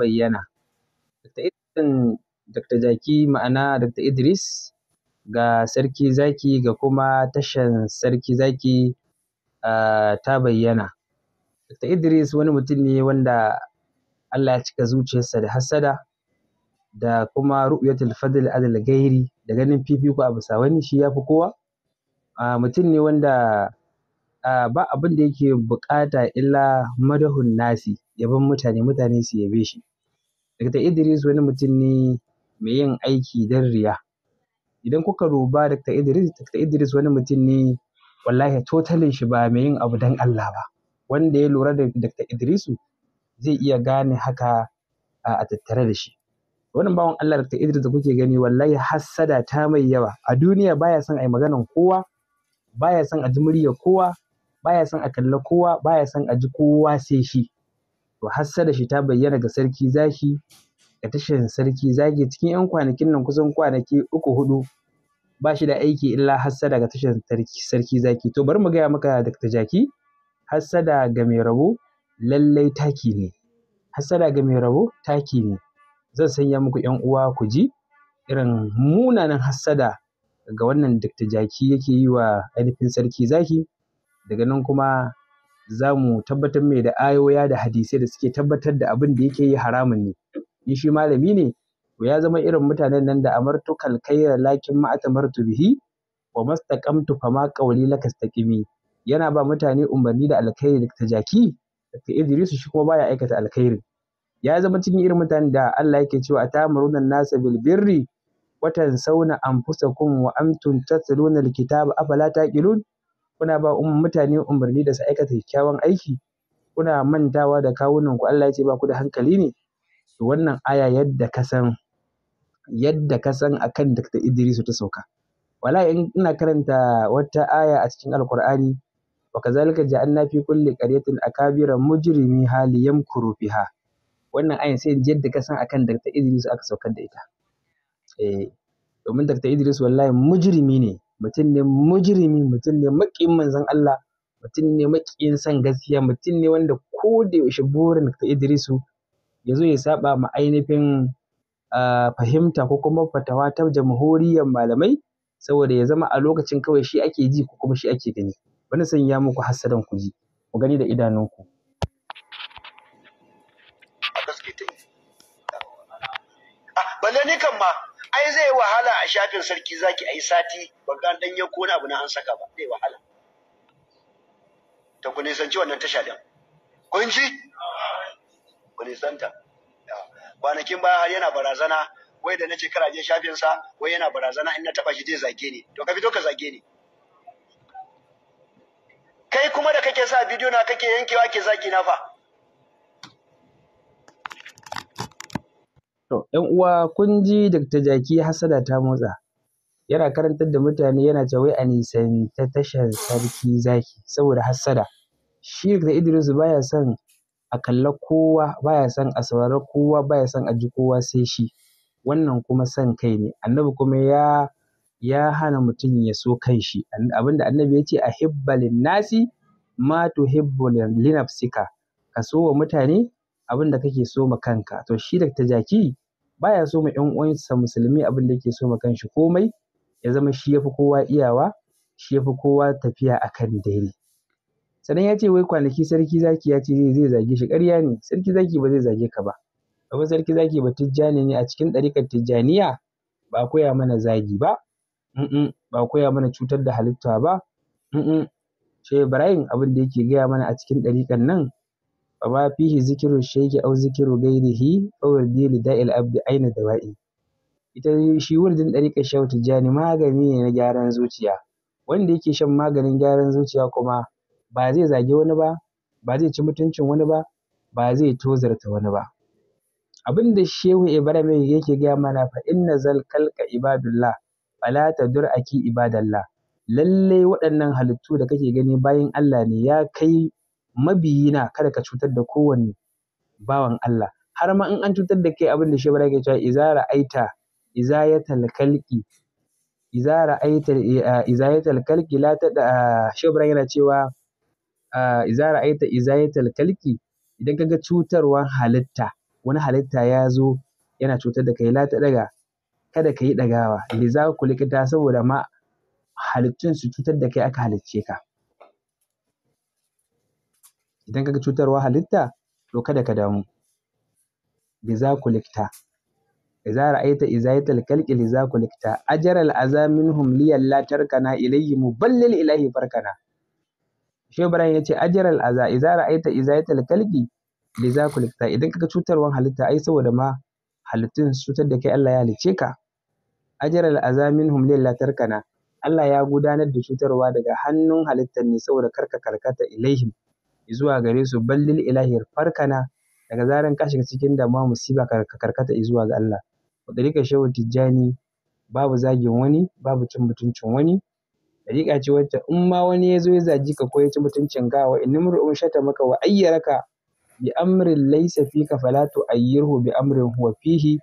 bayyana. Dr. Jaki ma'ana Dr. Idris ga Sarki Zaki ga kuma tashan Sarki Zaki uh, ta bayyana. Dr. Idris wani mutum ne wanda Allah ya cika zuciyarsa da hassada da kuma ru'yatul fadl adal gairi da ganin fifiko a bisa wani shi ya fi kowa. Uh, mutum ne wanda ah, ba abin da yake bukata illa madahun nasi yaban mutane mutane su yabe shi. Dr. Idris wani mutum ne mai yin aiki don riya. Idan kuka duba Dr. Idris, Dr. Idris wani mutum ne wallahi totalin shi ba mai yin abu don Allah ba. Wanda ya lura da Dr. Idrisu zai iya gane haka a tattare da shi. Wannan bawan Allah Dr. Idris da kuke gani wallahi hassada ta mai yawa. A duniya baya son a yi maganan kowa, baya son a ji murya kowa, baya son a kalla kowa, baya son a ji kowa sai shi. to hassada shi ta bayyana ga sarki zaki da tashin sarki zaki cikin 'yan kwanakin nan kusan kwanaki uku hudu ba shi da aiki illa hassada ga tashin sarki zaki to bari mu gaya maka Dr. jaki hassada ga mai rabo lallai taki ne hassada ga mai rabo taki ne zan sanya muku 'yan uwa ku ji irin munanan hassada ga wannan dakta jaki yake yi wa ainihin sarki zaki daga nan kuma za mu tabbatar mai da ayoya da hadisai da suke tabbatar da abin da yake yi haramun ne in shi malami ne to ya zama irin mutanen nan da amartu kalkaira lakin ma atamartu bihi wa mastaqamtu fama qawli lakastaqimi yana ba mutane umarni da alkhairi da tajaki ka Idris shi kuma baya aikata alkhairi ya zama cikin irin mutanen da Allah yake cewa atamuruna nasa bil birri watan sauna anfusakum wa antum tatluna alkitaba afala taqilun kuna ba um, mutane umarni da su aikata kyakkyawan aiki kuna mantawa da kawunanku Allah ya ce ba ku da hankali ne to wannan aya yadda ka san yadda ka san akan Dr. Idris ta sauka wallahi in ina karanta wata aya a cikin Alkur'ani wa kazalika ja'alna fi kulli qaryatin akabira mujrimi hali yamkuru fiha wannan ayan sai yadda ka san akan Dr. Idris aka saukar da ita eh domin Dr. Idris wallahi mujrimi ne mutum ne mujrimi mutum ne maƙiyin manzon Allah mutum ne maƙiyin san gaskiya mutum ne wanda ko da yaushe burin ta Idrisu ya zo ya saba ma ainihin ah, fahimta ko kuma fatawa ta jamhuriyar malamai saboda ya zama a lokacin kawai shi ake ji ko kuma shi ake gani bani sanya muku hassadan ku ji ku gani da idanunku ah, balle ai zai wahala a shafin sarki zaki a yi sati baka an ɗan yanko abu na an saka ba zai wahala ta ku nisanci wannan tasha ɗin kun ji ku nisanta kwanakin baya har yana barazana wai da nace kar a je shafin sa wai yana barazana in na taba shi zai zage ni to ka fito ka zage ni kai kuma da kake sa bidiyo na kake yankewa ke zagi na fa To, ‘yan uwa kun ji Dr. Jaki Hassada ta motsa. Yana karantar da mutane yana cewa wai a nisan ta tashar sarki zaki saboda hassada. Shi Dr. Idris baya son a kalla kowa, baya son a saurari kowa, baya son a ji kowa sai shi. Wannan kuma son kai ne. Annabi kuma ya ya hana mutum ya so kan shi. Abinda Annabi ya ce a hibbalin nasi ma tuhibbu linafsika. Ka so wa mutane abin da kake so ma kanka. To shi Dr. Jaki baya so ma ƴan uwansa musulmi abin da yake so ma kanshi komai ya zama shi yafi kowa iyawa shi yafi kowa tafiya akan daidai Sanan ya ce wai kwanaki sarki zaki ya ce zai zage shi ƙarya ne sarki zaki ba zai zage ka ba Kuma sarki zaki ba tijjani ne a cikin ɗarikar tijjaniya ba koya mana zagi ba ba koya mana cutar da halitta ba shi Ibrahim abin da yake gaya mana a cikin ɗarikar nan وما فيه ذكر الشيخ أو ذكر غيره أو الدين لداء Aina أين دوائي ita shi wurdin ɗariƙar shehu tijjani magani ne na gyaran zuciya wanda yake shan maganin gyaran zuciya kuma ba zai zagi wani ba ba zai ci mutuncin wani ba ba zai tozarta wani ba abin da shehu ibrahim yake gaya mana fa inna zal kalka ibadullah fala tadur aki ibadallah lalle waɗannan halittu da kake gani bayan Allah ne ya kai mabiyina kada ka cutar da kowane bawan Allah har ma in an cutar da kai abin da shi ke cewa iza ra'aita iza yatal khalqi eh, ah, ah, iza ra'aita iza yatal khalqi la tada shi yana cewa iza ra'aita iza yatal khalqi idan kaga cutarwan halitta wani halitta ya zo yana cutar da kai la daga kada ka yi ɗagawa li za ku likita saboda ma halittun su cutar da kai aka halicce ka idan kaga cutarwa halitta to kada ka damu biza kulikta إذا رأيت إزاية الكلك لذا كلكتا أجر الأذى منهم لي لا tarkana ilayhi muballil ilahi فركنا shi Ibrahim ya ce ajiral aza idza ra'aita izaital kalbi liza kulikta idan kaga cutarwa halitta ai saboda ma halittun cutar da kai Allah ya halice ka ajiral aza minhum lillah tarkana Allah ya gudanar da cutarwa daga hannun halittar ne saboda karka karkata ilaihim zuwa gare su ballil ilahi farkana daga zaran ka shiga cikin damuwa musiba ka karkata zuwa ga Allah dalika shehu tijjani babu zagin wani babu cin mutuncin wani dalika ce wacce in ma wani ya zo ya zagi ka ko ya ci mutuncin gawa! wa in um shata maka wa ayyaraka bi amrin laysa ka fala ayyirhu bi amrin huwa fihi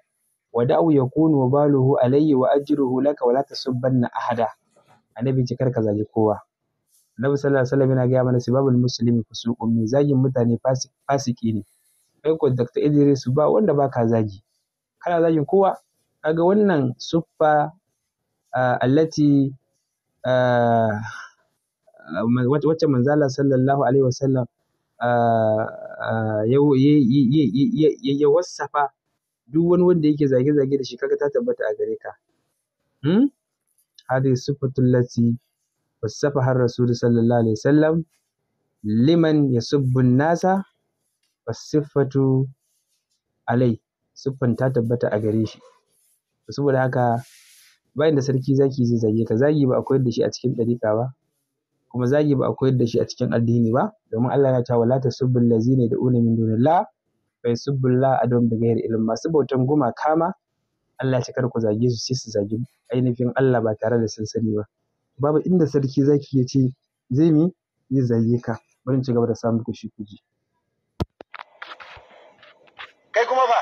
wa da'u yakunu baluhu alayhi wa ajruhu laka wa la tasubbanna ahada annabi ce kar ka zagi kowa annabi sallallahu alaihi wasallam yana gaya mana sibabul muslimi fusuqun mai zagin mutane fasiki ne kai ko Dr. Idris ba wanda baka zagi kana zagin kowa kaga wannan suffa allati wacce manzala sallallahu alaihi wasallam ya wasafa duk wani wanda yake zage-zage da shi kaga ta tabbata a gare ka. Hmm? Hadi suffatul lati fassafa har rasulu sallallahu alaihi wasallam liman ya subbun nasa fasifatu alai siffan ta tabbata a gare shi saboda haka bayan da sarki zaki zai zage ka zagi ba a koyar da shi a cikin ɗariƙa ba kuma zagi ba a koyar da shi a cikin addini ba domin Allah yana cewa ta tasubbul lazina da'una min dunillah fa yasubbullah adon bi ghairi ilm masu bautan gumaka kama Allah ya kar ku zage su sai su zagi ainihin Allah ba tare da sun sani ba babu inda sarki zaki ya ce zai mi zai zaye ka bari in ci gaba da samun ku shi kuji kai kuma fa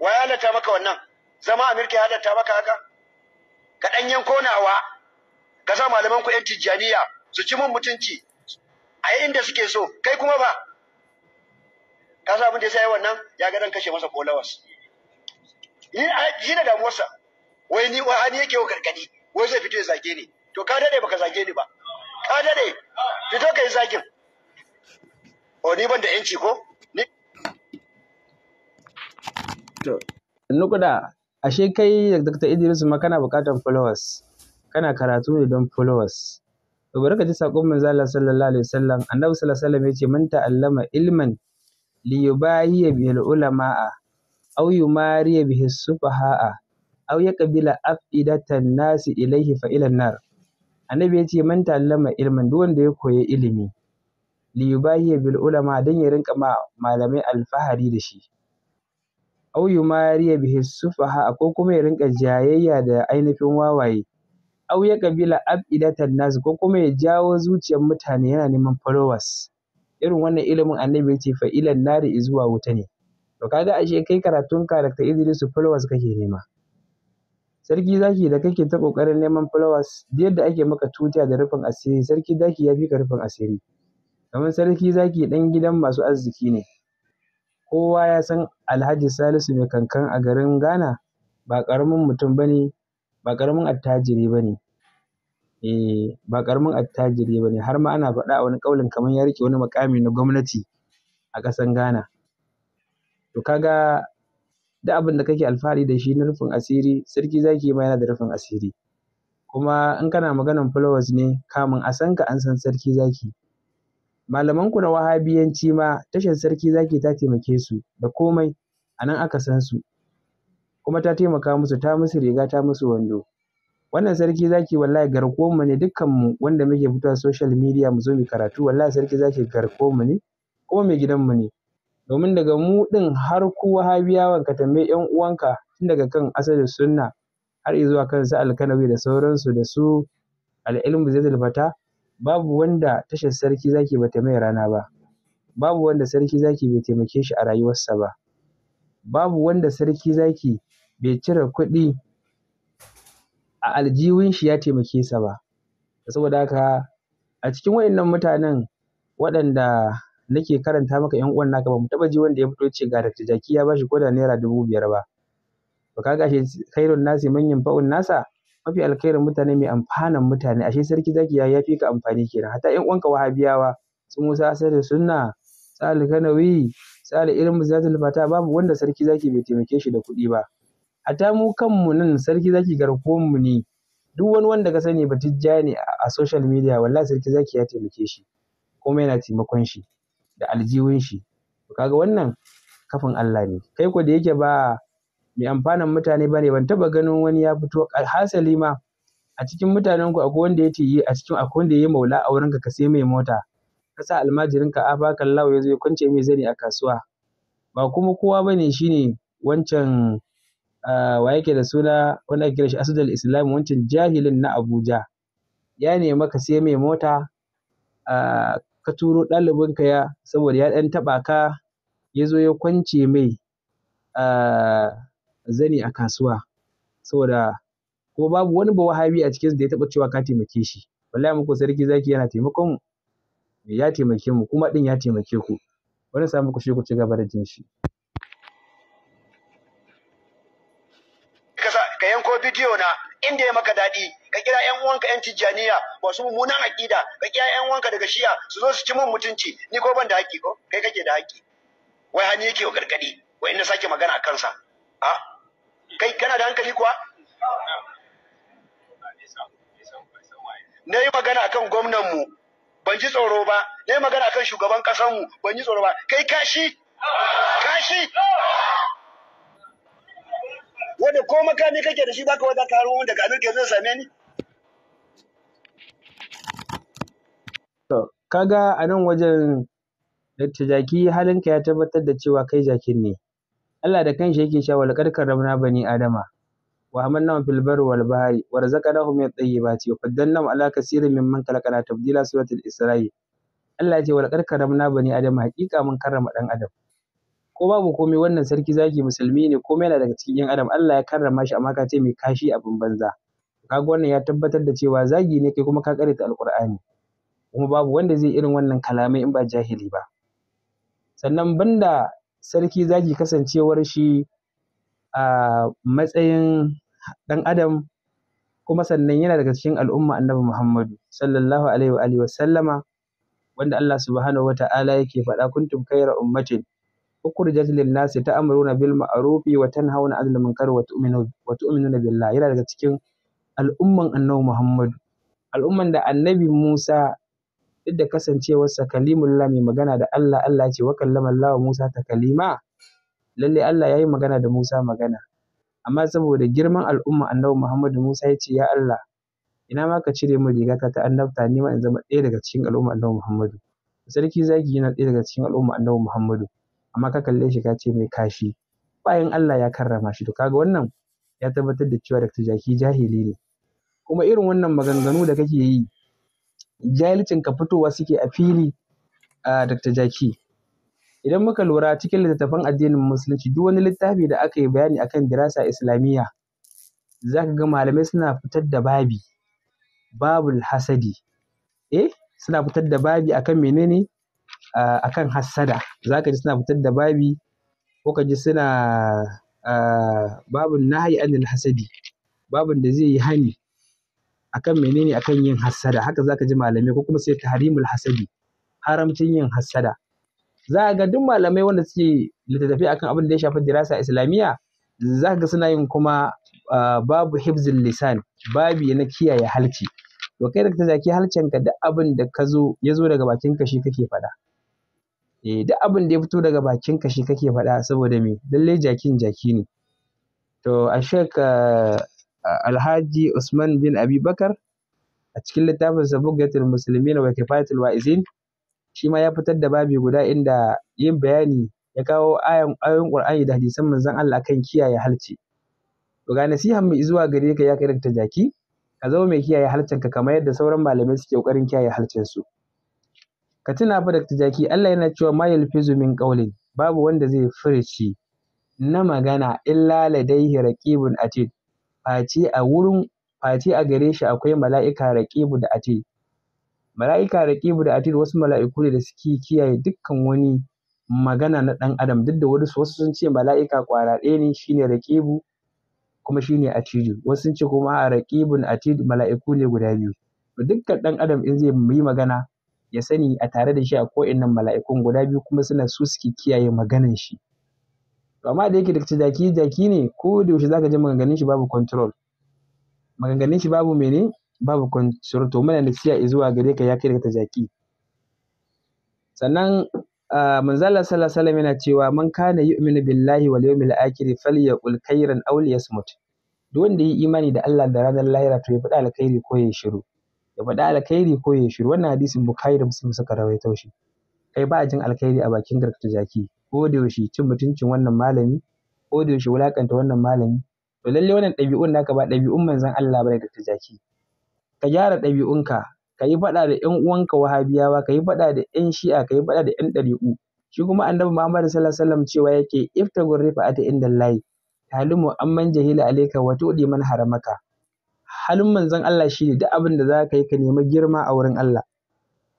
wa ya halatta maka wannan zama amirka ya halatta maka haka ka ɗanyen wa? ka sa malaman ku 'yan tijjaniya su ci mun mutunci a inda suke so kai kuma ba ka sa abin da ya sa wannan ya ga dan kashe masa kolawas yi da damuwarsa wai ni wa yake wa gargadi wai zai fito ya zage ni to ka dade baka zage ni ba ka dade fito kai zagin o ni ban da yanci ko ni to nukuda ashe kai Dr. Idris ma kana bukatar followers kana karatu ne don followers to bari ka ji sakon manzo Allah sallallahu alaihi wasallam annabi sallallahu alaihi wasallam yace man ta'allama ilman li yubahiya bil ulama'a aw yumariya bihi sufaha'a aw yaqbila afidatan nasi ilayhi fa ila nar annabi ya ce man ta'allama ilman duk wanda ya koyi ilimi li yubahi bil ulama dan ya rinka ma malamai alfahari da shi aw yumari bihi sufaha ko kuma ya rinka jayayya da ainihin wawaye aw ya kabila abidatan nas ko kuma ya jawo zuciyar mutane yana neman followers irin wannan ilimin annabi ya ce fa ilan nari zuwa wuta ne to kaga ashe kai karatun ka Dr. Idrisu followers kake nema Sarki zaki da kake ta ƙoƙarin neman followers, da yadda ake maka tuta da rufin asiri, sarki zaki ya fi ka rufin asiri. kamar sarki zaki ɗan gidan masu arziki ne. Kowa ya san Alhaji Salisu mai kankan a garin Ghana ba ƙaramin mutum bane ba ƙaramin attajiri bane, Eh, ba ƙaramin attajiri bane har ma ana faɗa a wani ƙaulin kamar ya riƙe wani muƙami na gwamnati a ƙasan Ghana. To kaga duk abin da kake alfahari da shi na rufin asiri sarki zaki ma yana da rufin asiri kuma in kana maganan followers ne kamun a san ka an san sarki zaki malaman ku na wahabiyanci ma tashar sarki zaki ta taimake su da komai a nan aka san su kuma ta taimaka musu ta musu riga ta musu wando wannan sarki zaki wallahi garkuwar mu ne dukkan mu wanda muke fitowa social media mu zo mu karatu wallahi sarki zaki garkuwar mu ne kuma mai gidan mu ne domin daga mu ɗin har ku wahabiyawan ka tambayi ‘yan uwanka tun daga kan asalin sunna har zuwa kan su alkanawi da sauransu da su al'ilmu zai fata babu wanda tashar sarki zaki ba ta mai rana ba babu wanda sarki zaki bai taimake shi a rayuwarsa ba babu wanda sarki zaki bai cire kuɗi a aljihun shi ya taimake sa ba saboda haka a cikin waɗannan mutanen waɗanda nake karanta maka yan uwan naka ba mu taba ji wanda ya fito ce ga Dr. Jaki ya bashi koda naira dubu biyar ba to kaga ashe khairun nasi manyan fa'un nasa mafi alkhairin mutane mai amfanan mutane ashe sarki zaki ya fi ka amfani kenan hatta yan uwanka wahabiyawa su Musa Asadu Sunna Sa'al Kanawi Sa'al Ilmu Zatul Fata babu wanda sarki zaki bai taimake shi da kuɗi ba hatta mu kanmu nan sarki zaki garkuwan mu ne duk wani wanda ka sani ba Tijjani ne a social media wallahi sarki zaki ya taimake shi kuma yana taimakon shi da aljihun shi to kaga wannan kafin Allah ne kai ko da yake ba mai amfanan mutane bane ban taba ganin wani ya fito hasali ma a cikin mutanen ku akwai wanda yace yi a cikin akwai wanda yayi maula a wurinka ka sai mai mota ka sa almajirinka a baka Allah ya zo ya kwance mai zani a kasuwa ba kuma kowa bane shine wancan wa yake da suna wanda ake kira shi Asadul Islam wancan jahilin na Abuja ya nemi ka sai mai mota ka turo ɗalibinka ya saboda ya ɗan taɓa ka ya zo ya kwance mai zani a kasuwa saboda ko babu wani ba wahabi a cikinsu da ya taɓa cewa ka taimake shi wallahi muku sarki zaki yana taimakon mu ya taimake mu kuma ɗin ya taimake ku wani samu ku shi ku ci gaba da jin shi bidiyo na inda ya maka daɗi ka kira yan uwanka yan tijjaniya wasu mummunan aƙida ka kira yan uwanka daga shiya su zo su ci mun mutunci ni ko ban da haƙƙi ko kai kake da haƙƙi wai hani yake wa gargaɗi wai na sake magana a kansa a kai kana da hankali kuwa na yi magana akan gwamnanmu ban ji tsoro ba na yi magana akan shugaban ƙasarmu ban ji tsoro ba kai kashi kashi wanda ko makami kake da shi baka wada karo wanda ga nan zai same ni to kaga a nan wajen Dr. Jaki halinka ya tabbatar da cewa kai jakin ne Allah da kanshi yake sha walkar karkar rabna bani adama wa hamalnahum fil bar wal bahri wa razaqnahum min tayyibati wa faddalnahum ala kaseerin mimman khalaqna tabdila suratul isra'i Allah ya ce walkar karkar rabna bani adama haƙiƙa mun karrama dan adam ko babu komai wannan sarki zaki musulmi ne komai yana daga cikin yan adam Allah ya karrama shi amma ka ce mai kashi abin banza kaga wannan ya tabbatar da cewa zagi ne kai kuma ka karyata alkur'ani kuma babu wanda zai irin wannan kalamai in ba jahili ba sannan banda sarki zagi kasancewar shi a matsayin dan adam kuma sannan yana daga cikin al'umma annabi Muhammadu sallallahu alaihi wa alihi wanda Allah subhanahu wa ta'ala yake faɗa kuntum khayra ummatin ukhrijat lin nasi ta'muruna bil ma'rufi wa tanhauna 'anil munkari wa tu'minu wa tu'minuna billah yana daga cikin al'umman annabi Muhammadu al'umman da annabi Musa duk da kasancewarsa kalimullah mai magana da Allah Allah ya ce wa kallama Allah Musa Kalima, lalle Allah ya yi magana da Musa magana amma saboda girman al'umma annabi Muhammadu Musa ya ce ya Allah ina ma ka cire min rigata ta annabta ni ma in zama ɗaya daga cikin al'umma annabi Muhammadu sarki zaki yana ɗaya daga cikin al'umma annabi Muhammadu amma ka kalle shi ka ce mai kashi bayan Allah ya karrama shi to kaga wannan ya tabbatar da cewa Dr. Jaki jahili ne kuma irin wannan maganganu da kake yi jahilcin ka fitowa suke a fili a Dr. Jaki idan muka lura cikin littattafan addinin musulunci duk wani littafi da aka yi bayani akan dirasa islamiyya za ka ga malamai suna fitar da babi babul hasadi eh suna fitar da babi akan menene akan hassada za ka ji suna fitar da babi ko ka ji suna babun nahi anil hasadi babun da zai yi hani akan menene akan yin hassada haka za ka ji malamai ko kuma sai tahrimul hasadi haramcin yin hassada za ga duk malamai wanda suke littattafai akan abin da ya shafi dirasa islamiyya za ka ga suna yin kuma babu hibzin lisan babi na kiyaye halci to kai da ka zaki halcin ka duk abin da ka zo ya zo daga bakin ka shi kake faɗa eh duk abin da ya fito daga bakin ka shi kake faɗa saboda me lallai jakin jaki ne to a shek eh, alhaji usman bin abi a cikin littafinsa bugatul muslimin wa kifayatul wa'izin shi ma ya fitar da babi guda inda yin bayani ya kawo ayan ayoyin qur'ani da hadisan manzon Allah kan kiyaye halci to ga nasihan mu zuwa gare ka ya karanta jaki ka zama mai kiyaye halcinka kamar yadda sauran malamai suke ƙoƙarin kiyaye su. ka tuna fa da jaki Allah yana cewa ma yalfizu min qawlin babu wanda zai furci na magana illa ladaihi raqibun atid face a wurin face a gare shi akwai mala'ika raqibu da atid mala'ika raqibu da atid wasu mala'iku ne da suke kiyaye dukkan wani magana na ɗan adam duk da wasu wasu sun ce mala'ika ƙwara ɗaya ne shine raqibu kuma shine atidu wasu sun ce kuma a raqibun atid mala'iku ne guda biyu dukkan ɗan adam in zai yi magana ya sani a tare da shi a ko'innan mala'ikun guda biyu kuma suna su suke kiyaye maganan shi amma da yake daga jaki jaki ne ko da yaushe zaka ji maganganun shi babu control maganganun shi babu mene babu control to muna nasiya zuwa gare ka ya kai daga jaki sannan manzala sallallahu alaihi yana cewa man kana yu'minu billahi wal yawmil akhir falyaqul khairan aw liyasmut duk wanda yi imani da Allah da ranar lahira to ya faɗa alkhairi ko ya shiru ya faɗi alkhairi ko ya shiru wannan hadisin bukhari da muslim suka rawaito shi kai ba a jin alkhairi a bakin garkata jaki ko da yaushe cin mutuncin wannan malami ko da yaushe wulakanta wannan malami to lalle wannan ɗabi'un naka ba ɗabi'un manzon Allah bane garkata jaki ka gyara ɗabi'unka ka yi faɗa da ƴan uwanka wahabiyawa ka yi faɗa da ƴan shi'a ka yi faɗa da ƴan ɗari'u shi kuma annabi Muhammad sallallahu alaihi wasallam cewa yake iftagur rifa'ata indallahi talimu amman jahila alayka wa tudi man haramaka halin manzon Allah shi ne duk abin da za ka yi ka nemi girma a wurin Allah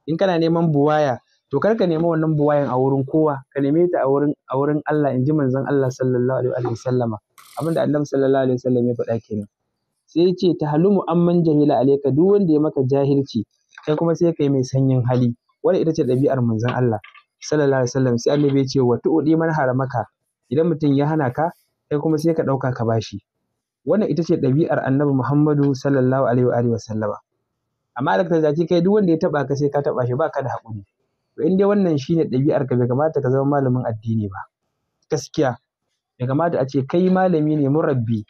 in kana neman buwaya to kar ka nemi wannan buwayan a wurin kowa ka neme ta a wurin a wurin Allah in ji manzon Allah sallallahu alaihi sallama. abin da Annabi sallallahu alaihi sallam ya faɗa kenan sai ya ce ta halumu amman jahila alaika duk wanda ya maka jahilci kai kuma sai kai mai sanyin hali Wani ita ce ɗabi'ar manzon Allah sallallahu alaihi sallam sai Annabi ya ce wa tu'di man haramaka idan mutum ya hana ka kai kuma sai ka ɗauka ka bashi wannan ita ce ɗabi'ar annabi muhammadu sallallahu alaihi wa sallama amma da zaki kai duk wanda ya taba ka sai ka taba shi baka da haƙuri to in dai wannan shine ɗabi'ar ka bai kamata ka zama malamin addini ba gaskiya bai kamata a ce kai malami ne murabbi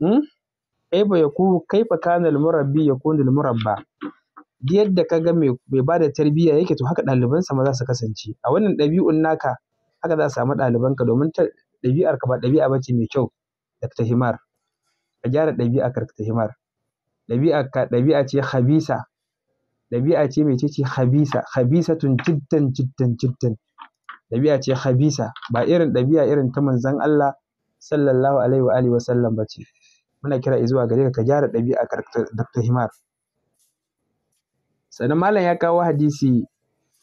ku hmm? kai kaifa kana al-murabbi yakunu al-murabba yadda ka ga mai da tarbiyya yake to haka ɗalibansa ma za su kasance a wannan ɗabi'un naka haka za a samu ɗalibanka domin ɗabi'ar ka ba ɗabi'a ba ce mai kyau da ta himar ka gyara ɗabi'a ka ta himar ɗabi'a ka ɗabi'a ce habisa ɗabi'a ce mai ce habisa Habisa tun jiddan jiddan jiddan ɗabi'a ce habisa ba irin ɗabi'a irin ta manzon Allah sallallahu alaihi wa alihi wa sallam ba ce. muna kira zuwa gare ka ka gyara ɗabi'a ka ta himar sannan malam ya kawo hadisi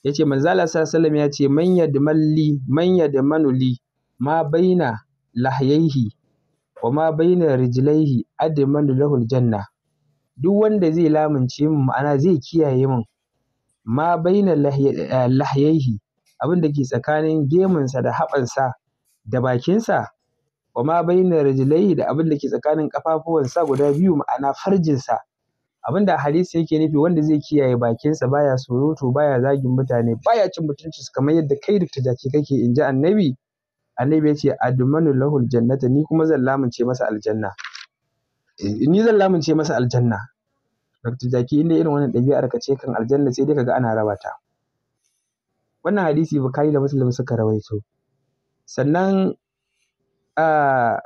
ya ce manzala sallam ya ce man yadmalli man yadmanuli ma baina lahayaihi wa ma baina rijlaihi admanu lahul janna duk wanda zai lamunce min ma'ana zai kiyaye min ma baina eh, lahyaihi abin da ke tsakanin gemunsa da haɓansa da bakinsa wa ma baina rijlaihi da abin da ke tsakanin kafafuwansa guda biyu ma'ana farjinsa abin da hadisi yake nufi wanda zai kiyaye bakinsa baya surutu baya zagin mutane baya cin su kamar yadda kai Dr. Jaki kake in ji annabi annabi ya ce adumanu lahul jannata ni kuma zan lamunce masa aljanna eh, ni zan lamunce masa aljanna Dr. Jaki inda irin wannan ɗabi'ar ka ce kan aljanna sai dai kaga ana raba ta wannan hadisi Bukhari da Muslim suka rawaito sannan a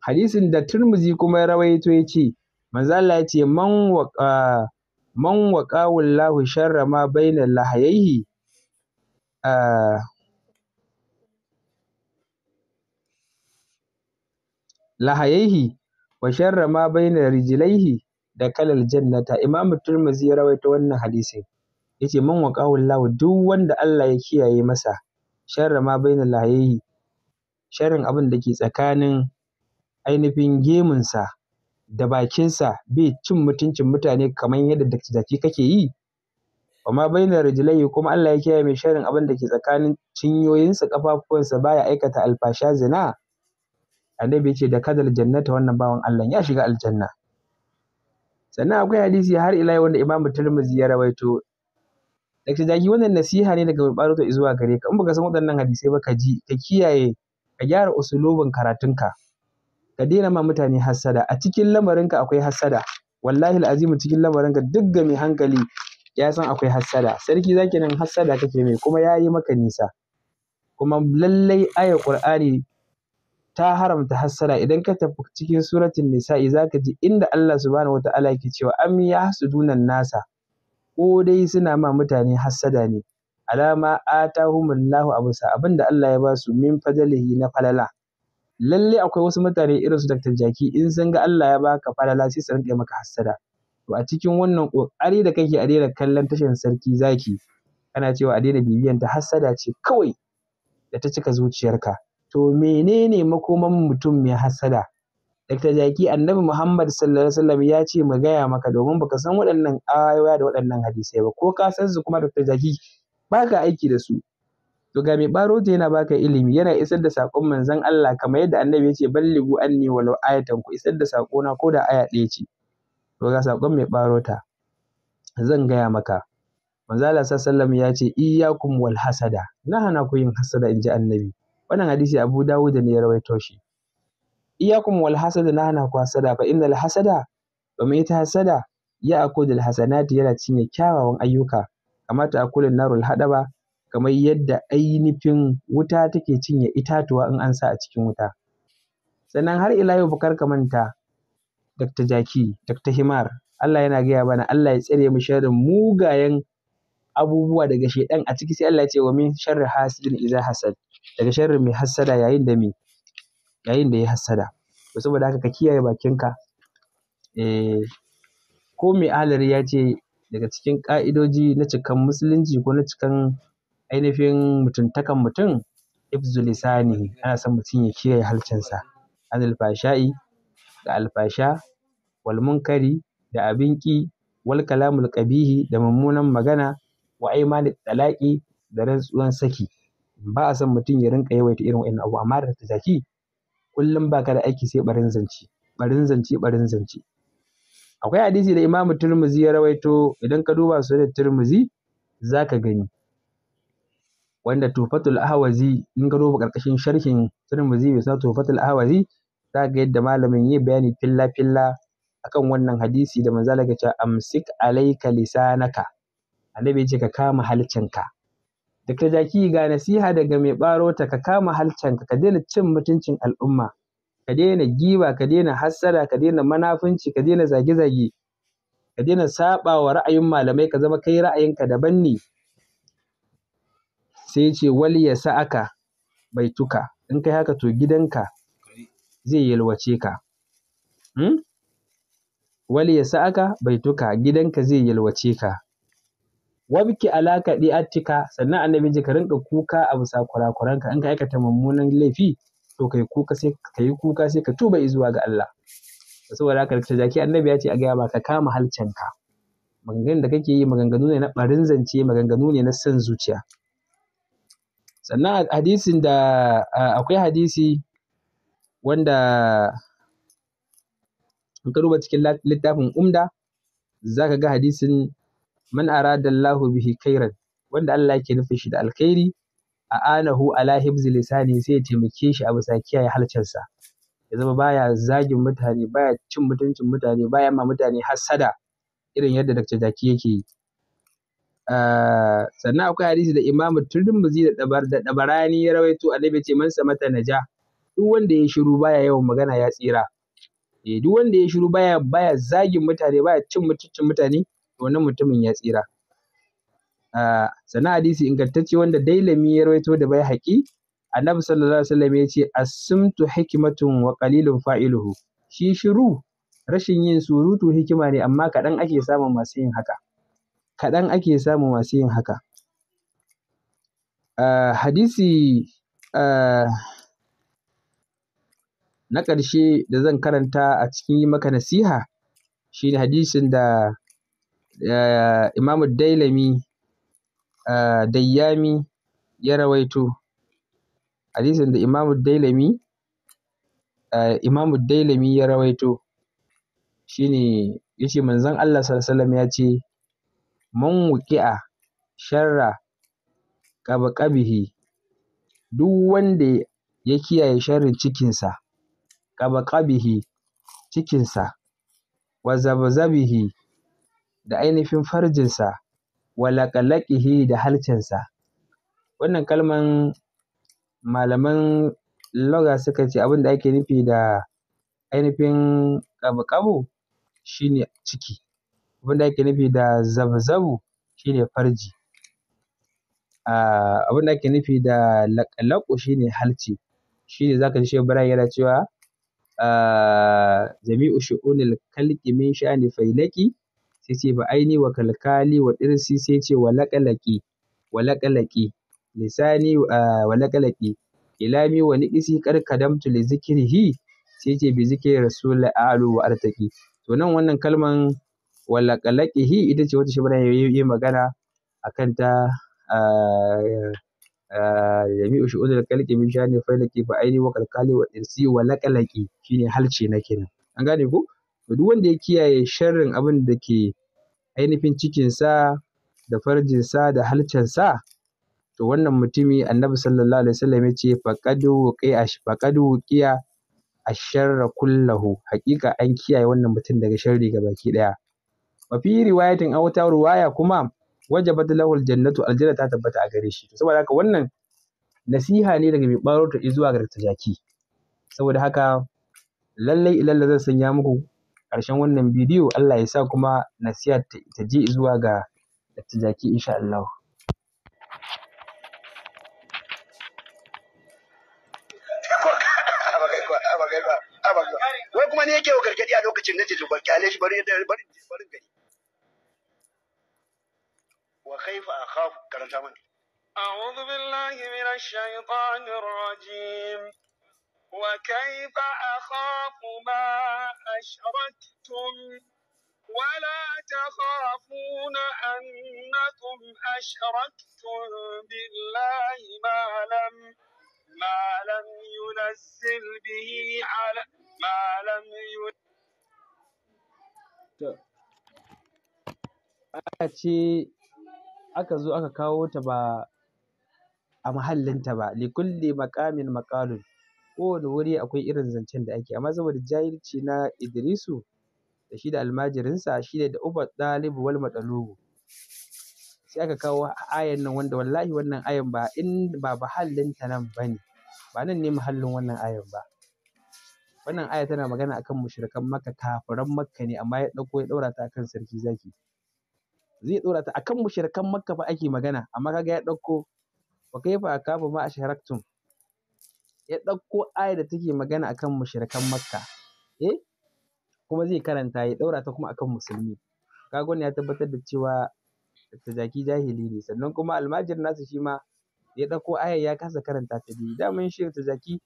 hadisin da tirmizi kuma ya rawaito ya ce manzo Allah ya ce man waqa man wallahu sharra ma baina lahayhi lahayaihi wa sharra ma baina rijlaihi da kalal jannata Imam turmizi ya rawaito wannan hadisin yace man waqahu duk wanda Allah ya kiyaye masa sharra ma baina lahayaihi sharrin abin da ke tsakanin ainihin gemunsa da bakinsa bai cin mutuncin mutane kamar yadda da jaki kake yi amma baina rijlaihi kuma Allah ya kiyaye mai sharrin abin da ke tsakanin cinyoyinsa kafafuwansa baya aikata alfasha zina annabi ya ce da kadal jannata wannan bawan Allah ya shiga aljanna sannan akwai hadisi har ila wanda imamu tirmidhi ya rawaito ke wannan nasiha ne daga barbaroto zuwa gare ka in baka san waɗannan hadisai ba ka ji ka kiyaye ka gyara usulubin karatunka ka daina ma mutane hassada a cikin lamarinka akwai hassada wallahi alazim cikin lamarinka duk ga mai hankali ya san akwai hassada sarki zaki nan hassada kake mai kuma ya yi maka nisa kuma lallai ayar qur'ani ta haramta hassada idan ka tafi cikin suratul nisa'i zaka ji inda Allah subhanahu wataala yake cewa am yahsudunan nasa ko dai suna ma mutane hassada ne alama atahumullahu abusa abinda Allah ya ba su min fadalihi na falala lalle akwai wasu mutane irin su Dr. Jaki in sun ga Allah ya baka falala sai su rinka maka hassada to a cikin wannan kokari da kake a daina kallon tashin sarki zaki kana cewa a daina bibiyan ta hassada ce kawai da ta cika zuciyarka To menene makoman mutum mai hasada? Dr. Jaki Annabi Muhammad sallallahu alaihi wasallam ya ce mu gaya maka domin baka san waɗannan ayoyi da waɗannan hadisai ba ko ka san su kuma dakta Jaki baka aiki da su. To ga mai barota yana baka ilimi yana isar da saƙon manzon Allah kamar yadda Annabi ya ce ballighu anni walau ayatan ku isar da saƙona ko da aya ɗaya ce. To ga saƙon mai ta zan gaya maka manzo Allah sallallahu alaihi wasallam ya ce iyyakum wal hasada na ku yin hasada inji Annabi. Wannan hadisi Abu Dawud ne ya rawaito shi. Iyakum wal hasad na hana ku hasada fa innal hasada mai ta hasada ya akudul hasanati yana cinye kyawawan ayyuka kamar ta akulun narul hadaba kamar yadda ainihin wuta take cinye itatuwa in an sa a cikin wuta. Sannan har ila yau bukar ka manta Dr. Jaki, Dr. Himar, Allah yana gaya mana Allah ya tsare mu sharrin mugayen abubuwa daga shedan a ciki sai Allah ya ce wa min sharri hasidin iza hasad. daga sharrin mai hassada yayin da mai yayin da ya hassada to saboda haka ka kiyaye bakinka eh ko mai ahalari ya ce daga cikin ƙa'idoji na cikan musulunci ko na cikan ainihin mutuntakan mutum hifzu ana son mutum ya kiyaye halcinsa anil fashai da alfasha wal munkari da abin ki, wal kalamul qabihi da mummunan magana wa aimani talaqi da rantsuwan saki ba a son mutum ya rinka yawaita irin wa'in abu amma da zaki. kullum ba ka da aiki sai barin zance barin zance barin zance akwai hadisi da Imam turmuzi ya rawaito idan ka duba su da za ka gani wanda Tufatul Ahwazi in ka duba karkashin sharhin turmuzi bai sa Tufatul Ahwazi za ga yadda malamin yayi bayani filla filla akan wannan hadisi da manzala ga ya amsik alayka lisanaka annabi ya ce ka kama halcinka Dr. Jaki ga nasiha daga mai ɓarauta ta ka kama halcan ka daina cin mutuncin al'umma ka daina giba ka daina hassada ka daina manafinci ka daina zage-zage ka daina saba wa ra'ayin malamai ka zama kai ra'ayinka daban ne sai ce wal ya sa'aka bai tuka in kai haka to gidanka zai yalwace ka hmm? wali ya sa'aka bai tuka gidanka zai yalwace ka wabki di atika, sannan annabi ji ka rinka kuka a bisa ka, in ka aikata mummunan laifi to kai kuka sai ka kuka sai ka tuba zuwa ga Allah saboda haka ta jaki annabi ya ce a gaya ka kama ka maganganun da kake yi maganganu ne na barin zance maganganu ne na son zuciya sannan hadisin da akwai hadisi wanda in ka cikin littafin umda za ka ga hadisin man aradallahu bihi khairan wanda Allah yake nufin shi da alkhairi a anahu ala hibzi lisani sai ya taimake shi a bisa kiyaye halcinsa ya zama baya zagin mutane baya cin mutuncin mutane baya ma mutane hassada irin yadda Dr. Jaki yake yi ah, sannan akwai hadisi da Imam Tirmidhi da da Dabarani ya rawaito annabi ce man samata naja duk wanda ya shiru baya yawan magana ya tsira eh duk wanda ya shiru baya baya zagin mutane baya cin mutuncin mutane to mutumin ya tsira ah, sannan hadisi ingantacce wanda dailami ya rawaito da bai haƙi annabi sallallahu alaihi wasallam ya ce as-sumtu hikmatun wa qalilun fa'iluhu shi shiru rashin yin surutu hikima ne amma kaɗan ake samun masu yin haka kaɗan ake samun masu yin haka ah, hadisi ah, na ƙarshe da zan karanta a cikin yi maka nasiha shi hadisin da Eh, imam Dailami eh, Dayyami ya rawaito hadisin da imam Dailami eh, imam Dailami ya rawaito shine yace manzon Allah sallallahu alaihi ya ce man wuqi'a sharra qabqabihi duk wanda ya kiyaye sharrin cikinsa qabqabihi cikinsa wa zabzabihi da ainihin farjinsa wa laƙalaƙihi da halcinsa wannan kalman malaman loga suka ce abin da ake nufi da ainihin ƙabu-ƙabu shine ciki abin da ake nufi da zabu-zabu shine farji abin da ake nufi da laƙalaƙo shine halci shine ka ji shi bara yana cewa jami'u shi'unil kalƙimin min sha'ani failaki sai ce ba aini wa kalkali wa irsi sai ce wa laƙalaƙi wa laƙalaƙi lisani wa laƙalaƙi ilami wa niƙisi kar tu li zikirhi sai ce bi zikiri rasul a'lu wa artaki to nan wannan kalman wa laƙalaƙihi ita ce wata shibra yayi magana akan ta jami'u udul kalki min shani laki ba aini wa kalkali wa irsi wa laƙalaƙi shine halce na kenan an gane ko To duk wanda ya kiyaye sharrin abin da ke ainihin cikinsa da farjinsa da halcensa, to wannan mutumi Annabi Sallallahu Alaihi Wasallam ya ce faƙad wuqiya faqad wuqiya asharra kullahu haƙiƙa an kiyaye wannan mutum daga sharri ga baki ɗaya. Wa fi riwayatin aw ta riwaya kuma wajabat lahul jannatu aljanna ta tabbata a gare shi. Saboda haka wannan nasiha ne daga mai barota ta zuwa ga jaki. Saboda haka lallai ilalla zan sanya muku ƙarshen wannan bidiyo Allah ya sa kuma nasiha ta je zuwa ga Dr. insha Allah. Wai kuma ne a lokacin na ce وكيف أخاف ما أشركتم ولا تخافون أنكم أشركتم بالله ما لم ما لم ينزل به على ما لم aka aka zo aka kawo ta ba a mahallinta ba likulli makamin makalun kowane wuri akwai irin zancen da ake. Amma saboda jahilci na Idrisu da shi da almajirinsa shi ne da uba ɗalibu wal Sai aka kawo ayan nan wanda wallahi wannan ayan ba in ba mahallin ta nan ba ne. Ba nan ne mahallin wannan ayan ba. Wannan aya tana magana akan mushrikan Makka, kafiran Makka ne amma ya ɗauko ya daura ta akan sarki zaki. Zai daura ta akan mushrikan Makka fa ake magana amma kaga ya ɗauko wa kaifa kafu ma asharaktum ya ɗauko ayar da take magana akan mushrikan makka eh kuma zai karanta ya ɗaura ta kuma akan musulmi kagon ya tabbatar da cewa jaki jahili ne sannan kuma almajir nasu shi ma ya ɗauko aya ya kasa karanta ta biyu daman shi jaki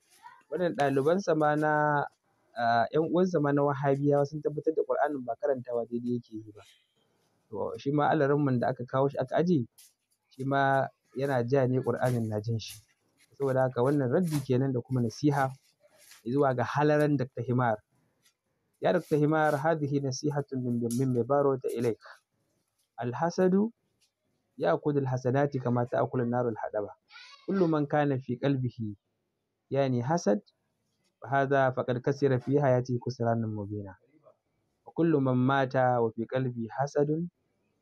wannan ɗaliban ma na ‘yan uwansa ma na wahabiyawa sun tabbatar da ƙur'anin ba karantawa daidai yake yi ba to shi ma alaramman da aka kawo shi aka aje shi ma yana ja ne ƙur'anin na jin shi saboda haka wannan raddi kenan da kuma nasiha zuwa ga halaran Dr. Himar. Ya Dr. Himar hadhihi nasihatun min min mai baro ta ilaik. Alhasadu ya kudu alhasanati kama ta akula naru alhadaba. Kullu man kana fi kalbihi yani hasad hadha faqad kasira fi hayati kusranan mubina. Wa kullu man mata wa fi qalbi hasadun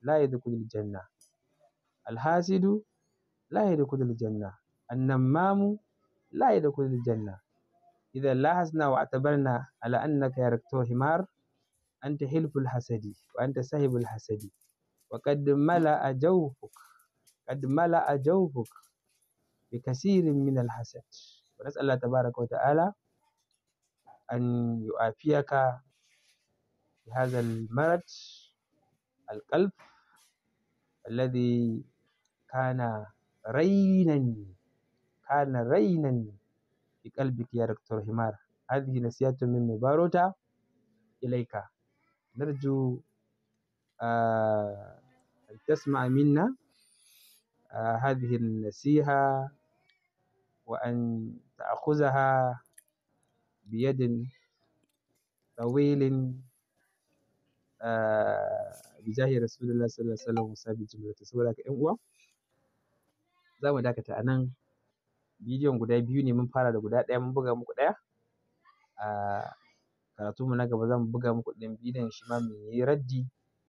la yadkhulu Janna. Alhasidu la yadkhulu Janna. النمام لا يدخل الجنة إذا لاحظنا واعتبرنا على أنك يا دكتور حمار أنت حلف الحسد وأنت صاحب الحسد وقد ملأ جوفك قد ملأ جوفك بكثير من الحسد ونسأل الله تبارك وتعالى أن يعافيك بهذا المرض القلب الذي كان رينا كان رينا في قلبك يا دكتور همار هذه نصيحة من مباروتا إليك نرجو آه أن تسمع منا آه هذه النصيحة وأن تأخذها بيد طويل آه بجاه رسول الله صلى الله عليه وسلم وصحبه جملة سورة كأنوا زي ما داكت bidiyon guda biyu ne mun fara da guda ɗaya mun buga muku ɗaya a ah, karatunmu na gaba zan buga muku ɗin bidiyon shi ma mai raddi